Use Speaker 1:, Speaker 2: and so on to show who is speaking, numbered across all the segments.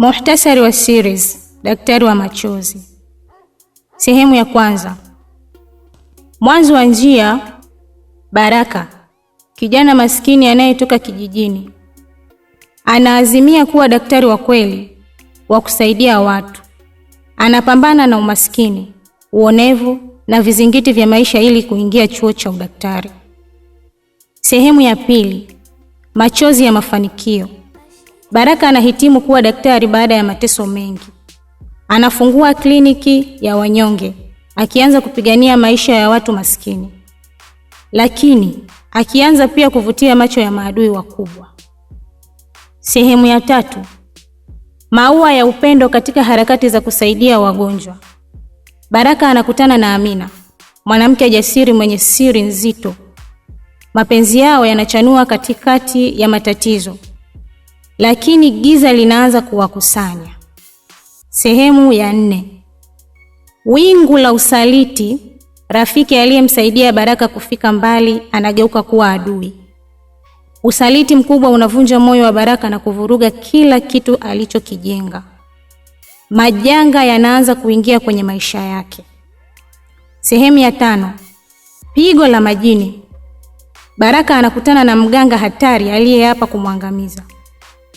Speaker 1: Muhtasari wa series Daktari wa Machozi, sehemu ya kwanza. Mwanzo wa njia. Baraka, kijana maskini anayetoka kijijini, anaazimia kuwa daktari wa kweli wa kusaidia watu. Anapambana na umaskini, uonevu na vizingiti vya maisha ili kuingia chuo cha udaktari. Sehemu ya pili. Machozi ya mafanikio. Baraka anahitimu kuwa daktari baada ya mateso mengi. Anafungua kliniki ya wanyonge, akianza kupigania maisha ya watu maskini, lakini akianza pia kuvutia macho ya maadui wakubwa. Sehemu ya tatu: maua ya upendo katika harakati za kusaidia wagonjwa. Baraka anakutana na Amina, mwanamke jasiri mwenye siri nzito. Mapenzi yao yanachanua katikati ya matatizo lakini giza linaanza kuwakusanya. Sehemu ya nne: wingu la usaliti. Rafiki aliyemsaidia Baraka kufika mbali anageuka kuwa adui. Usaliti mkubwa unavunja moyo wa Baraka na kuvuruga kila kitu alichokijenga. Majanga yanaanza kuingia kwenye maisha yake. Sehemu ya tano: pigo la majini. Baraka anakutana na mganga hatari aliyeapa kumwangamiza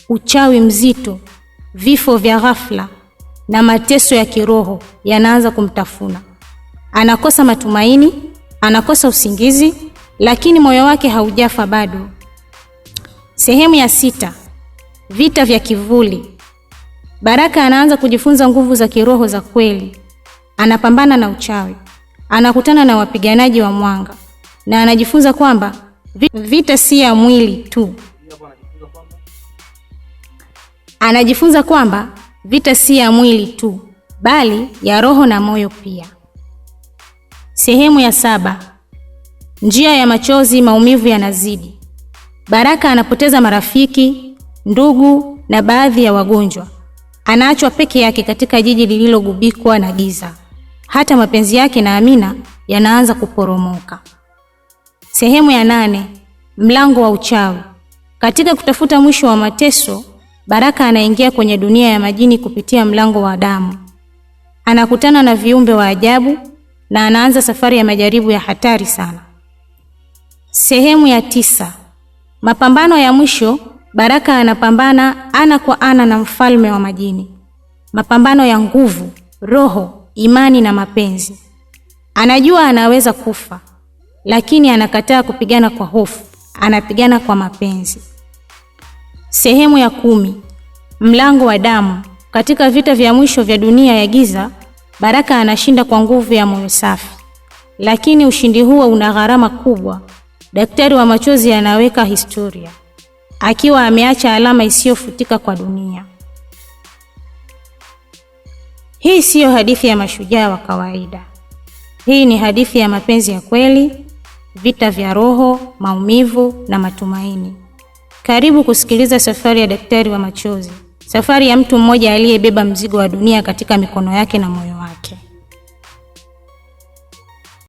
Speaker 1: uchawi mzito, vifo vya ghafla na mateso ya kiroho yanaanza kumtafuna. Anakosa matumaini, anakosa usingizi, lakini moyo wake haujafa bado. Sehemu ya sita: vita vya kivuli. Baraka anaanza kujifunza nguvu za kiroho za kweli. Anapambana na uchawi, anakutana na wapiganaji wa mwanga na anajifunza kwamba vita si ya mwili tu, Anajifunza kwamba vita si ya mwili tu, bali ya roho na moyo pia. Sehemu ya saba: njia ya machozi, maumivu yanazidi. Baraka anapoteza marafiki, ndugu na baadhi ya wagonjwa. Anaachwa peke yake katika jiji lililogubikwa na giza. Hata mapenzi yake na Amina yanaanza kuporomoka. Sehemu ya nane: mlango wa uchawi. Katika kutafuta mwisho wa mateso Baraka anaingia kwenye dunia ya majini kupitia mlango wa damu. Anakutana na viumbe wa ajabu na anaanza safari ya majaribu ya hatari sana. Sehemu ya tisa. Mapambano ya mwisho, Baraka anapambana ana kwa ana na mfalme wa majini. Mapambano ya nguvu, roho, imani na mapenzi. Anajua anaweza kufa, lakini anakataa kupigana kwa hofu, anapigana kwa mapenzi. Sehemu ya kumi. Mlango wa damu. Katika vita vya mwisho vya dunia ya giza, Baraka anashinda kwa nguvu ya moyo safi, lakini ushindi huo una gharama kubwa. Daktari wa machozi anaweka historia akiwa ameacha alama isiyofutika kwa dunia. Hii siyo hadithi ya mashujaa wa kawaida. Hii ni hadithi ya mapenzi ya kweli, vita vya roho, maumivu na matumaini. Karibu kusikiliza safari ya daktari wa machozi, safari ya mtu mmoja aliyebeba mzigo wa dunia katika mikono yake na moyo wake.